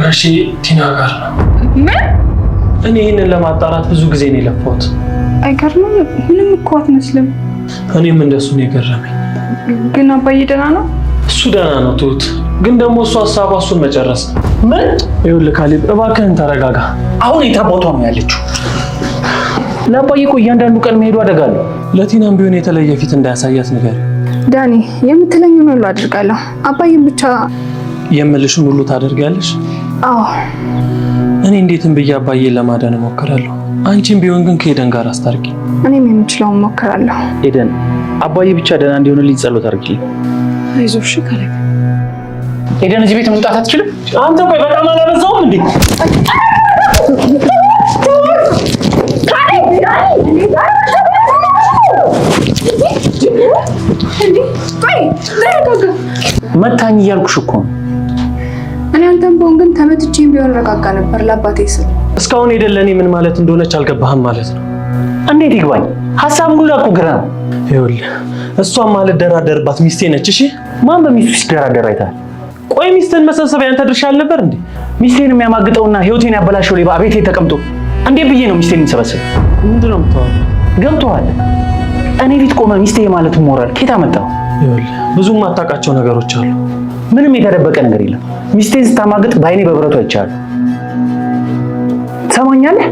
ጋሼ ቲና ጋር ነው። ምን? እኔ ይህንን ለማጣራት ብዙ ጊዜ ነው የለፋሁት። አይገርምም? ምንም እኮ አትመስልም። እኔም እንደሱ ነው የገረመኝ። ግን አባዬ ደህና ነው? እሱ ደህና ነው ትሁት፣ ግን ደግሞ እሱ ሀሳቧ እሱን መጨረስ ምን? ይኸውልህ ካሌብ እባክህን ተረጋጋ። አሁን የታቦቷ ነው ያለችው። ለአባዬ እኮ እያንዳንዱ ቀን መሄዱ አደጋ አለው። ለቲናም ቢሆን የተለየ ፊት እንዳያሳያት ነገር ዳኒ የምትለኝ ሁሉ አድርጋለሁ። አባዬን ብቻ የምልሽን ሁሉ ታደርጋለሽ? አዎ። እኔ እንዴትም ብዬ አባዬን ለማዳን እሞክራለሁ። አንቺም ቢሆን ግን ከሄደን ጋር አስታርቂ። እኔም የምችለውን እሞክራለሁ። ሄደን አባዬ ብቻ ደህና እንዲሆንልኝ ጸሎት አድርጊ። አይዞሽ ካለኝ ሄደን እዚህ ቤት መውጣት አትችልም። አንተ ቆይ በጣም አላበዛውም እንዴ? መታኝ እያልኩሽ እኮ ነው አንተን በሆን ግን ተመትቼም ቢሆን ረጋጋ ነበር ለአባቴ ስል። እስካሁን ሄደን ለእኔ ምን ማለት እንደሆነች አልገባህም ማለት ነው። እንዴት ይግባኝ? ሀሳብ ሁሉ እኮ ግራ ነው። ይኸውልህ እሷን ማለት ደራደርባት ሚስቴ ነች። እሺ ማን በሚስቱ ሲደራደር አይታል ቆይ ሚስትን መሰብሰብ ያንተ ድርሻ አልነበር እንዴ? ሚስቴን የሚያማግጠውና ህይወቴን ያበላሸው ሌባ ቤቴ ተቀምጦ እንዴት ብዬ ነው ሚስቴን የምሰበስብ? ምንድን ነው የምታወራው? ገብቶሃል? እኔ ፊት ቆመ ሚስቴ ማለት ሞራል ኬታ መጣው? ብዙም አታውቃቸው ነገሮች አሉ ምንም የተደበቀ ነገር የለም። ሚስቴን ስታማግጥ በአይኔ በብረቱ አይቻለሁ። ትሰማኛለህ?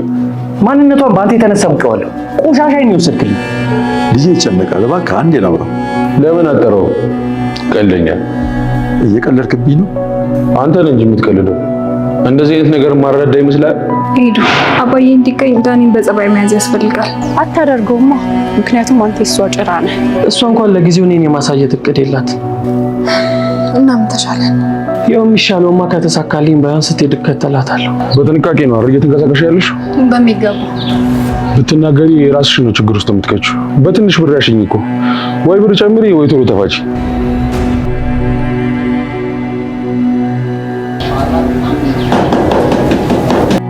ማንነቷን በአንተ የተነሳ አውቀዋለሁ። ቆሻሻዬን ነው የወሰድክልኝ። ልጄ ይጨነቃል። እባክህ አንዴ ላውራው። ለምን አጠረው? ቀልደኛ። እየቀለድክብኝ ነው። አንተ ነህ እንጂ የምትቀልደው። እንደዚህ አይነት ነገር ማረዳ ይመስላል። ሄዱ አባዬ እንዲቀይ ዳኒን በጸባይ መያዝ ያስፈልጋል። አታደርገውማ፣ ምክንያቱም አንተ እሷ ጭራ ነህ። እሷ እንኳን ለጊዜው እኔን የማሳየት እቅድ የላት እና ምን ተሻለን? ያው የሚሻለውማ ከተሳካልኝ ባይሆን ስትሄድ እከተላታለሁ። በጥንቃቄ ነው አይደል እየተንቀሳቀሽ ያለሽ? በሚገባ ብትናገሪ ራስሽ ነው ችግር ውስጥ የምትከችው። በትንሽ ብር ያሸኝ እኮ ወይ ብር ጨምሪ ወይ ቶሎ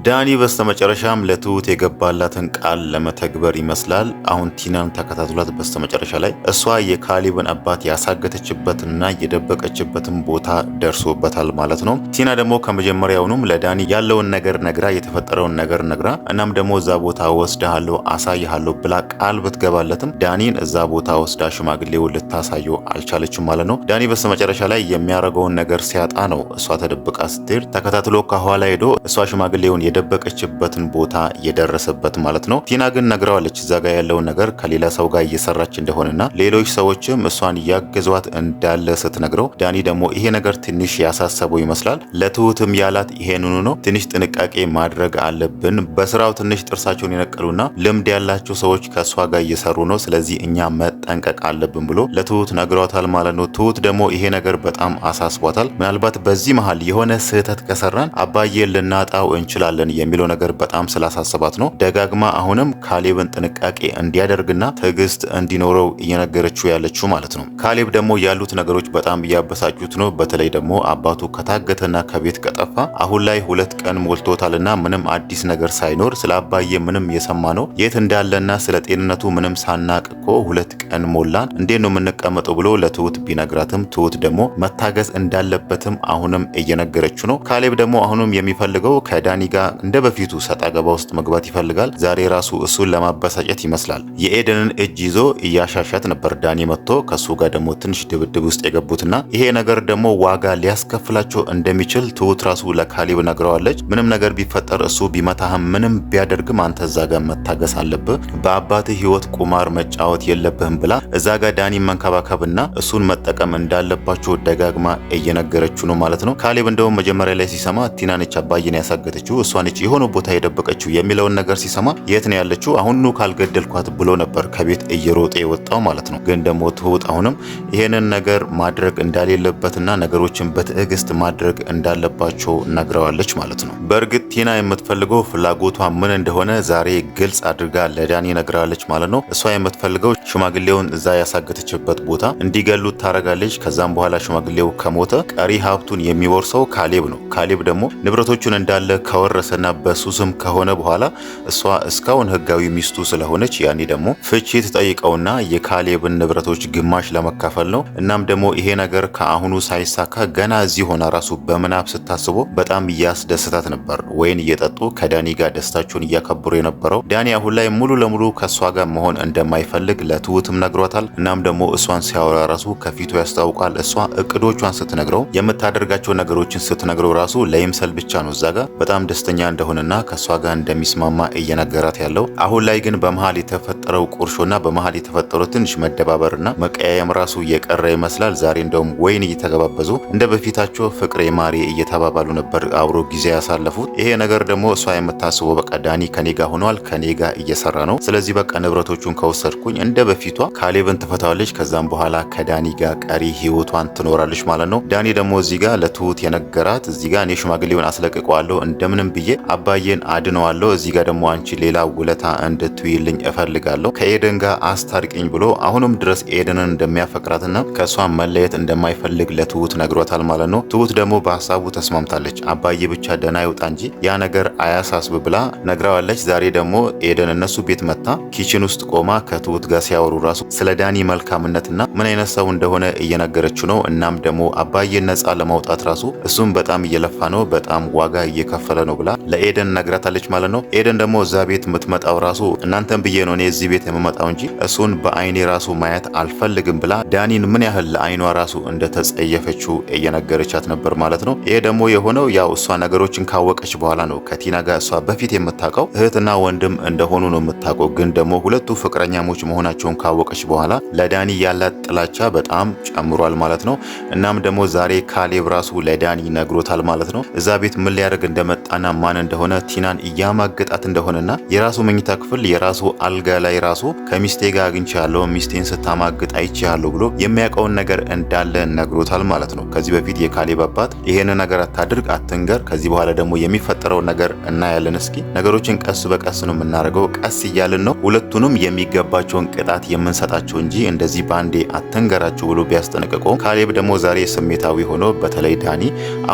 ዳኒ በስተመጨረሻም ለትሁት የገባላትን ቃል ለመተግበር ይመስላል አሁን ቲናን ተከታትሏት በስተመጨረሻ ላይ እሷ የካሊብን አባት ያሳገተችበትና የደበቀችበትን ቦታ ደርሶበታል ማለት ነው። ቲና ደግሞ ከመጀመሪያውኑም ለዳኒ ያለውን ነገር ነግራ የተፈጠረውን ነገር ነግራ እናም ደግሞ እዛ ቦታ ወስድሃለሁ አሳይሃለሁ ብላ ቃል ብትገባለትም ዳኒን እዛ ቦታ ወስዳ ሽማግሌው ልታሳየው አልቻለችም ማለት ነው። ዳኒ በስተመጨረሻ ላይ የሚያደርገውን ነገር ሲያጣ ነው እሷ ተደብቃ ስትሄድ ተከታትሎ ከኋላ ሄዶ እሷ ሽማግሌውን የደበቀችበትን ቦታ የደረሰበት ማለት ነው። ቲና ግን ነግረዋለች እዛ ጋር ያለውን ነገር ከሌላ ሰው ጋር እየሰራች እንደሆነና ሌሎች ሰዎችም እሷን እያገዟት እንዳለ ስትነግረው ዳኒ ደግሞ ይሄ ነገር ትንሽ ያሳሰበው ይመስላል። ለትሁትም ያላት ይሄንኑ ነው። ትንሽ ጥንቃቄ ማድረግ አለብን። በስራው ትንሽ ጥርሳቸውን የነቀሉና ልምድ ያላቸው ሰዎች ከእሷ ጋር እየሰሩ ነው። ስለዚህ እኛ መጠንቀቅ አለብን ብሎ ለትሁት ነግሯታል ማለት ነው። ትሁት ደግሞ ይሄ ነገር በጣም አሳስቧታል። ምናልባት በዚህ መሀል የሆነ ስህተት ከሰራን አባዬ ልናጣው እንችላለን እንችላለን የሚለው ነገር በጣም ስላሳሰባት ነው። ደጋግማ አሁንም ካሌብን ጥንቃቄ እንዲያደርግና ትዕግስት እንዲኖረው እየነገረችው ያለችው ማለት ነው። ካሌብ ደግሞ ያሉት ነገሮች በጣም እያበሳጩት ነው። በተለይ ደግሞ አባቱ ከታገተና ከቤት ከጠፋ አሁን ላይ ሁለት ቀን ሞልቶታልና ምንም አዲስ ነገር ሳይኖር ስለ አባዬ ምንም የሰማ ነው የት እንዳለና ስለ ጤንነቱ ምንም ሳናቅ እኮ ሁለት ቀን ሞላን እንዴት ነው የምንቀመጠው ብሎ ለትሁት ቢነግራትም ትሁት ደግሞ መታገዝ እንዳለበትም አሁንም እየነገረችው ነው። ካሌብ ደግሞ አሁንም የሚፈልገው ከዳኒ ጋር እንደ በፊቱ ሰጣ ውስጥ መግባት ይፈልጋል። ዛሬ ራሱ እሱን ለማበሳጨት ይመስላል። የኤደንን እጅ ይዞ እያሻሻት ነበር። ዳኒ መጥቶ ከሱ ጋር ደግሞ ትንሽ ድብድብ ውስጥ የገቡትና ይሄ ነገር ደግሞ ዋጋ ሊያስከፍላቸው እንደሚችል ትሁት ራሱ ለካሊብ ነግረዋለች። ምንም ነገር ቢፈጠር እሱ ቢመታህም ምንም ቢያደርግም አንተ እዛ ጋር መታገስ አለብህ። በአባትህ ህይወት ቁማር መጫወት የለብህም ብላ እዛ ጋር ዳኒ መንከባከብና እሱን መጠቀም እንዳለባቸው ደጋግማ እየነገረችው ነው ማለት ነው። ካሊብ እንደውም መጀመሪያ ላይ ሲሰማ ቲናነች አባዬን ያሳገተችው እሷ ነች የሆነ ቦታ የደበቀችው የሚለውን ነገር ሲሰማ የት ነው ያለችው አሁኑ ካልገደልኳት ብሎ ነበር ከቤት እየሮጠ የወጣው ማለት ነው። ግን ደግሞ ትሁት አሁንም ይህንን ነገር ማድረግ እንዳሌለበትና ነገሮችን በትዕግስት ማድረግ እንዳለባቸው ነግረዋለች ማለት ነው። በእርግጥ ቲና የምትፈልገው ፍላጎቷ ምን እንደሆነ ዛሬ ግልጽ አድርጋ ለዳኒ ነግራለች ማለት ነው። እሷ የምትፈልገው ሽማግሌውን እዛ ያሳገተችበት ቦታ እንዲገሉት ታረጋለች። ከዛም በኋላ ሽማግሌው ከሞተ ቀሪ ሀብቱን የሚወርሰው ካሌብ ነው። ካሌብ ደግሞ ንብረቶቹን እንዳለ ከወረሰ ከተመለሰና በሱ ስም ከሆነ በኋላ እሷ እስካሁን ህጋዊ ሚስቱ ስለሆነች ያኔ ደግሞ ፍቺ ትጠይቀውና የካሌብን ንብረቶች ግማሽ ለመካፈል ነው። እናም ደግሞ ይሄ ነገር ከአሁኑ ሳይሳካ ገና እዚህ ሆና ራሱ በምናብ ስታስቦ በጣም እያስደስታት ነበር። ወይን እየጠጡ ከዳኒ ጋር ደስታቸውን እያከብሩ የነበረው ዳኒ አሁን ላይ ሙሉ ለሙሉ ከእሷ ጋር መሆን እንደማይፈልግ ለትውትም ነግሯታል። እናም ደግሞ እሷን ሲያወራ ራሱ ከፊቱ ያስታውቃል። እሷ እቅዶቿን ስትነግረው የምታደርጋቸው ነገሮችን ስትነግረው ራሱ ለይምሰል ብቻ ነው እዛ ጋር በጣም ደስተ ደስተኛ እንደሆነና ከእሷ ጋር እንደሚስማማ እየነገራት ያለው አሁን ላይ ግን በመሀል የተፈ የተፈጠረው ቁርሾና በመሀል የተፈጠረው ትንሽ መደባበርና መቀያየም ራሱ እየቀረ ይመስላል። ዛሬ እንደውም ወይን እየተገባበዙ እንደ በፊታቸው ፍቅሬ ማሬ እየተባባሉ ነበር አብሮ ጊዜ ያሳለፉት። ይሄ ነገር ደግሞ እሷ የምታስበው በቃ ዳኒ ከኔ ሆኗል፣ ከኔ እየሰራ ነው። ስለዚህ በቃ ንብረቶቹን ከወሰድኩኝ እንደ በፊቷ ካሌብን ትፈታዋለች። ከዛም በኋላ ከዳኒ ጋር ቀሪ ህይወቷን ትኖራለች ማለት ነው። ዳኒ ደግሞ እዚህ ጋር ለትሁት የነገራት እዚህ ጋር እኔ ሽማግሌውን አስለቅቀዋለሁ፣ እንደምንም ብዬ አባዬን አድነዋለሁ። እዚህ ጋር ደግሞ አንቺ ሌላ ውለታ እንድትይልኝ እፈልጋለሁ እፈልጋለሁ፣ ከኤደን ጋር አስታርቅኝ ብሎ አሁንም ድረስ ኤደንን እንደሚያፈቅራትና ከሷ መለየት እንደማይፈልግ ለትሁት ነግሯታል ማለት ነው። ትሁት ደግሞ በሀሳቡ ተስማምታለች። አባዬ ብቻ ደህና ይውጣ እንጂ ያ ነገር አያሳስብ ብላ ነግራዋለች። ዛሬ ደግሞ ኤደን እነሱ ቤት መታ ኪችን ውስጥ ቆማ ከትሁት ጋር ሲያወሩ ራሱ ስለ ዳኒ መልካምነትና ምን አይነት ሰው እንደሆነ እየነገረችው ነው። እናም ደግሞ አባዬን ነፃ ለማውጣት ራሱ እሱም በጣም እየለፋ ነው፣ በጣም ዋጋ እየከፈለ ነው ብላ ለኤደን ነግራታለች ማለት ነው። ኤደን ደግሞ እዛ ቤት የምትመጣው ራሱ እናንተን ብዬ ነው እኔ እዚህ ቤት የምመጣው እንጂ እሱን በአይኔ ራሱ ማየት አልፈልግም ብላ ዳኒን ምን ያህል ለአይኗ ራሱ እንደተጸየፈችው እየነገረቻት ነበር ማለት ነው። ይሄ ደግሞ የሆነው ያው እሷ ነገሮችን ካወቀች በኋላ ነው። ከቲና ጋር እሷ በፊት የምታውቀው እህትና ወንድም እንደሆኑ ነው የምታውቀው። ግን ደግሞ ሁለቱ ፍቅረኛሞች መሆናቸውን ካወቀች በኋላ ለዳኒ ያላት ጥላቻ በጣም ጨምሯል ማለት ነው። እናም ደግሞ ዛሬ ካሌብ ራሱ ለዳኒ ነግሮታል ማለት ነው። እዛ ቤት ምን ሊያደርግ እንደመጣና ማን እንደሆነ ቲናን እያማገጣት እንደሆነና የራሱ መኝታ ክፍል የራሱ አልጋ ላይ ላይ ራሱ ከሚስቴ ጋር አግኝቻለሁ፣ ሚስቴን ስታማግጥ አይቻለሁ ብሎ የሚያውቀውን ነገር እንዳለ ነግሮታል ማለት ነው። ከዚህ በፊት የካሌብ አባት ይሄን ነገር አታድርግ፣ አትንገር፣ ከዚህ በኋላ ደግሞ የሚፈጠረውን ነገር እናያለን፣ እስኪ ነገሮችን ቀስ በቀስ ነው የምናደርገው፣ ቀስ እያልን ነው ሁለቱንም የሚገባቸውን ቅጣት የምንሰጣቸው እንጂ እንደዚህ ባንዴ አትንገራችሁ ብሎ ቢያስጠነቅቆ ካሌብ ደግሞ ዛሬ ስሜታዊ ሆኖ በተለይ ዳኒ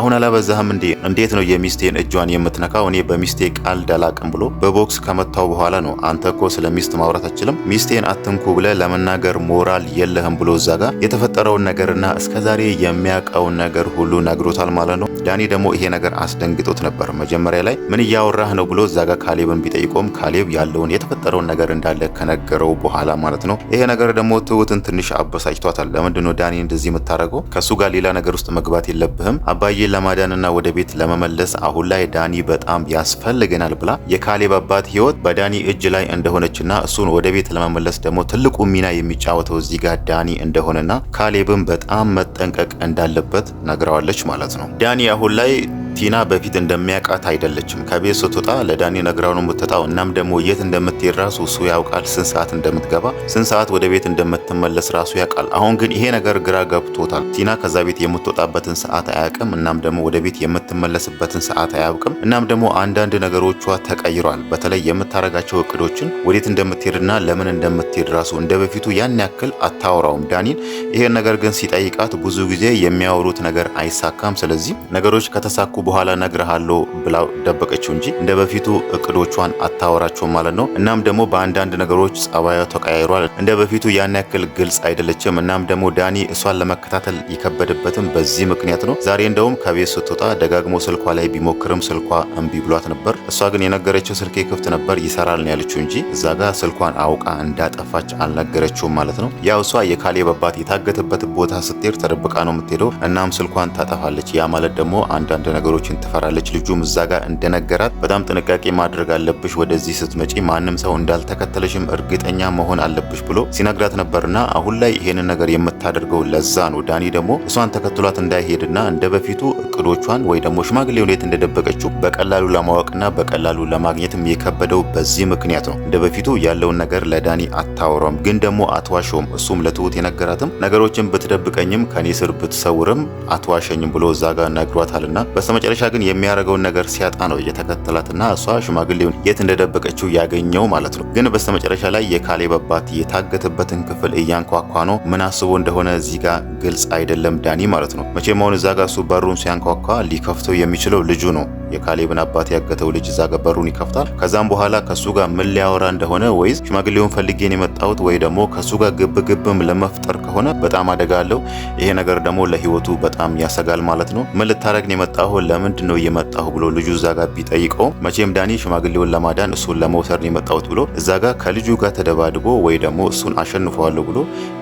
አሁን አላበዛህም እንዴ? እንዴት ነው የሚስቴን እጇን የምትነካው? እኔ በሚስቴ ቃል ደላቅም ብሎ በቦክስ ከመታው በኋላ ነው አንተ እኮ ስለ ሚስት ማውራት አችልም። ሚስቴን አትንኩ ብለ ለመናገር ሞራል የለህም ብሎ እዛ ጋር የተፈጠረውን ነገርና እስከዛሬ የሚያውቀውን ነገር ሁሉ ነግሮታል ማለት ነው። ዳኒ ደግሞ ይሄ ነገር አስደንግጦት ነበር። መጀመሪያ ላይ ምን እያወራህ ነው ብሎ እዛ ጋር ካሌብን ቢጠይቆም ካሌብ ያለውን የተፈጠረውን ነገር እንዳለ ከነገረው በኋላ ማለት ነው። ይሄ ነገር ደግሞ ትሁትን ትንሽ አበሳጭቷታል። ለምንድነው ዳኒ እንደዚህ የምታደርገው? ከሱ ጋር ሌላ ነገር ውስጥ መግባት የለብህም። አባዬን ለማዳንና ወደ ቤት ለመመለስ አሁን ላይ ዳኒ በጣም ያስፈልገናል ብላ የካሌብ አባት ህይወት በዳኒ እጅ ላይ እንደሆነችና እሱ እሱን ወደ ቤት ለመመለስ ደግሞ ትልቁ ሚና የሚጫወተው እዚህ ጋር ዳኒ እንደሆነና ካሌብም በጣም መጠንቀቅ እንዳለበት ነግረዋለች ማለት ነው። ዳኒ አሁን ላይ ቲና በፊት እንደሚያውቃት አይደለችም። ከቤት ስትወጣ ለዳኒ ነግራው ነው የምትወጣው። እናም ደግሞ የት እንደምትሄድ ራሱ እሱ ያውቃል። ስንት ሰዓት እንደምትገባ፣ ስንት ሰዓት ወደ ቤት እንደምትመለስ ራሱ ያውቃል። አሁን ግን ይሄ ነገር ግራ ገብቶታል። ቲና ከዛ ቤት የምትወጣበትን ሰዓት አያውቅም። እናም ደግሞ ወደ ቤት የምትመለስበትን ሰዓት አያውቅም። እናም ደግሞ አንዳንድ ነገሮቿ ተቀይሯል። በተለይ የምታረጋቸው እቅዶችን፣ ወዴት እንደምትሄድና ለምን እንደምትሄድ ራሱ እንደ በፊቱ ያን ያክል አታወራውም ዳኒን። ይሄን ነገር ግን ሲጠይቃት ብዙ ጊዜ የሚያወሩት ነገር አይሳካም። ስለዚህ ነገሮች ከተሳኩ በኋላ እነግርሃለሁ ብላው ደበቀችው እንጂ እንደ በፊቱ እቅዶቿን አታወራቸውም ማለት ነው። እናም ደግሞ በአንዳንድ ነገሮች ጸባዩ ተቀያይሯል። እንደ በፊቱ ያን ያክል ግልጽ አይደለችም። እናም ደግሞ ዳኒ እሷን ለመከታተል የከበደበትም በዚህ ምክንያት ነው። ዛሬ እንደውም ከቤት ስትወጣ ደጋግሞ ስልኳ ላይ ቢሞክርም ስልኳ እምቢ ብሏት ነበር። እሷ ግን የነገረችው ስልኬ ክፍት ነበር ይሰራል ነው ያለችው እንጂ እዛ ጋር ስልኳን አውቃ እንዳጠፋች አልነገረችውም ማለት ነው። ያው እሷ የካሌብ አባት የታገተበት ቦታ ስትሄድ ተደብቃ ነው የምትሄደው። እናም ስልኳን ታጠፋለች። ያ ማለት ደግሞ አንዳንድ ነገሮች ነገሮችን ትፈራለች። ልጁም እዛ ጋር እንደነገራት በጣም ጥንቃቄ ማድረግ አለብሽ፣ ወደዚህ ስትመጪ ማንም ሰው እንዳልተከተለሽም እርግጠኛ መሆን አለብሽ ብሎ ሲነግራት ነበርና አሁን ላይ ይሄንን ነገር የምታደርገው ለዛ ነው። ዳኒ ደግሞ እሷን ተከትሏት እንዳይሄድና እንደ በፊቱ እቅዶቿን ወይ ደግሞ ሽማግሌው እንዴት እንደደበቀችው በቀላሉ ለማወቅና በቀላሉ ለማግኘትም የከበደው በዚህ ምክንያት ነው። እንደ በፊቱ ያለውን ነገር ለዳኒ አታወራም፣ ግን ደግሞ አትዋሸውም። እሱም ለትሁት የነገራትም ነገሮችን ብትደብቀኝም ከኔ ስር ብትሰውርም አትዋሸኝም ብሎ እዛ ጋር ነግሯታልና በስተመ መጨረሻ ግን የሚያደርገውን ነገር ሲያጣ ነው እየተከተላትና እሷ ሽማግሌውን የት እንደደበቀችው ያገኘው ማለት ነው። ግን በስተመጨረሻ ላይ የካሌብ አባት የታገተበትን ክፍል እያንኳኳ ነው። ምን አስቦ እንደሆነ እዚህ ጋር ግልጽ አይደለም ዳኒ ማለት ነው። መቼም አሁን እዛ ጋር እሱ በሩን ሲያንኳኳ ሊከፍተው የሚችለው ልጁ ነው። የካሌብን አባት ያገተው ልጅ እዛ ጋር በሩን ይከፍታል። ከዛም በኋላ ከሱ ጋር ምን ሊያወራ እንደሆነ ወይስ ሽማግሌውን ፈልጌን የመጣሁት ወይ ደግሞ ከሱ ጋር ግብ ግብም ለመፍጠር ከሆነ በጣም አደጋ አለው። ይሄ ነገር ደግሞ ለህይወቱ በጣም ያሰጋል ማለት ነው። ምን ልታረግን የመጣሁ ለምንድን ነው እየመጣሁ ብሎ ልጁ እዛ ጋር ቢጠይቀው መቼም ዳኒ ሽማግሌውን ለማዳን እሱን ለመውሰድ ነው የመጣሁት ብሎ እዛ ጋር ከልጁ ጋር ተደባድቦ ወይ ደግሞ እሱን አሸንፈዋለሁ ብሎ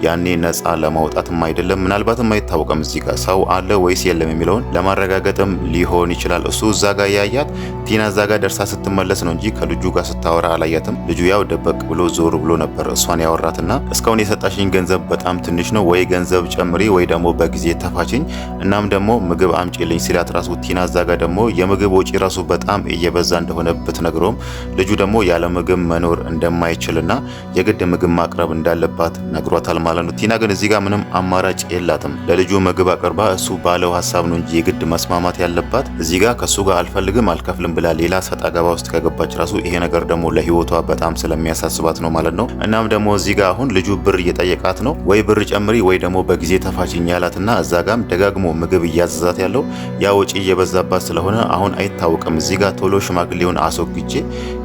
ያኔ ነፃ ለማውጣትም አይደለም ምናልባትም አይታወቅም እዚህ ጋር ሰው አለ ወይስ የለም የሚለውን ለማረጋገጥም ሊሆን ይችላል። እሱ እዛ ጋር ያያት ቲና እዛ ጋር ደርሳ ስትመለስ ነው እንጂ ከልጁ ጋር ስታወራ አላያትም። ልጁ ያው ደበቅ ብሎ ዞር ብሎ ነበር እሷን ያወራትና እስካሁን የሰጣሽኝ ገንዘብ በጣም ትንሽ ነው ወይ ገንዘብ ጨምሪ ወይ ደግሞ በጊዜ ተፋችኝ እናም ደግሞ ምግብ አምጪልኝ ሲላት ራሱ ቲና መኪና እዛ ጋር ደግሞ የምግብ ወጪ ራሱ በጣም እየበዛ እንደሆነ ነግሮም ልጁ ደግሞ ያለ ምግብ መኖር እንደማይችልና የግድ ምግብ ማቅረብ እንዳለባት ነግሯታል ማለት ነው። ቲና ግን እዚህ ጋር ምንም አማራጭ የላትም። ለልጁ ምግብ አቅርባ እሱ ባለው ሀሳብ ነው እንጂ የግድ መስማማት ያለባት። እዚህ ጋር ከእሱ ጋር አልፈልግም አልከፍልም ብላ ሌላ ሰጣ ገባ ውስጥ ከገባች ራሱ ይሄ ነገር ደግሞ ለህይወቷ በጣም ስለሚያሳስባት ነው ማለት ነው። እናም ደግሞ እዚህ ጋር አሁን ልጁ ብር እየጠየቃት ነው ወይ ብር ጨምሪ ወይ ደግሞ በጊዜ ተፋችኝ ያላትና እዛ ጋም ደጋግሞ ምግብ እያዘዛት ያለው ያ ወጪ እየበዛ የበዛባት ስለሆነ አሁን አይታወቅም። እዚህ ጋር ቶሎ ሽማግሌውን አስወግጄ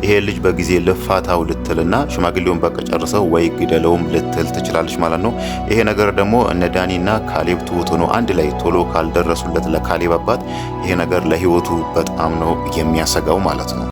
ይሄ ልጅ በጊዜ ልፋታው ልትልና ሽማግሌውን በቃ ጨርሰው ወይ ግደለውም ልትል ትችላለች ማለት ነው። ይሄ ነገር ደግሞ እነ ዳኒና ካሌብ ትሁት ሆኖ አንድ ላይ ቶሎ ካልደረሱለት ለካሌብ አባት ይሄ ነገር ለህይወቱ በጣም ነው የሚያሰጋው ማለት ነው።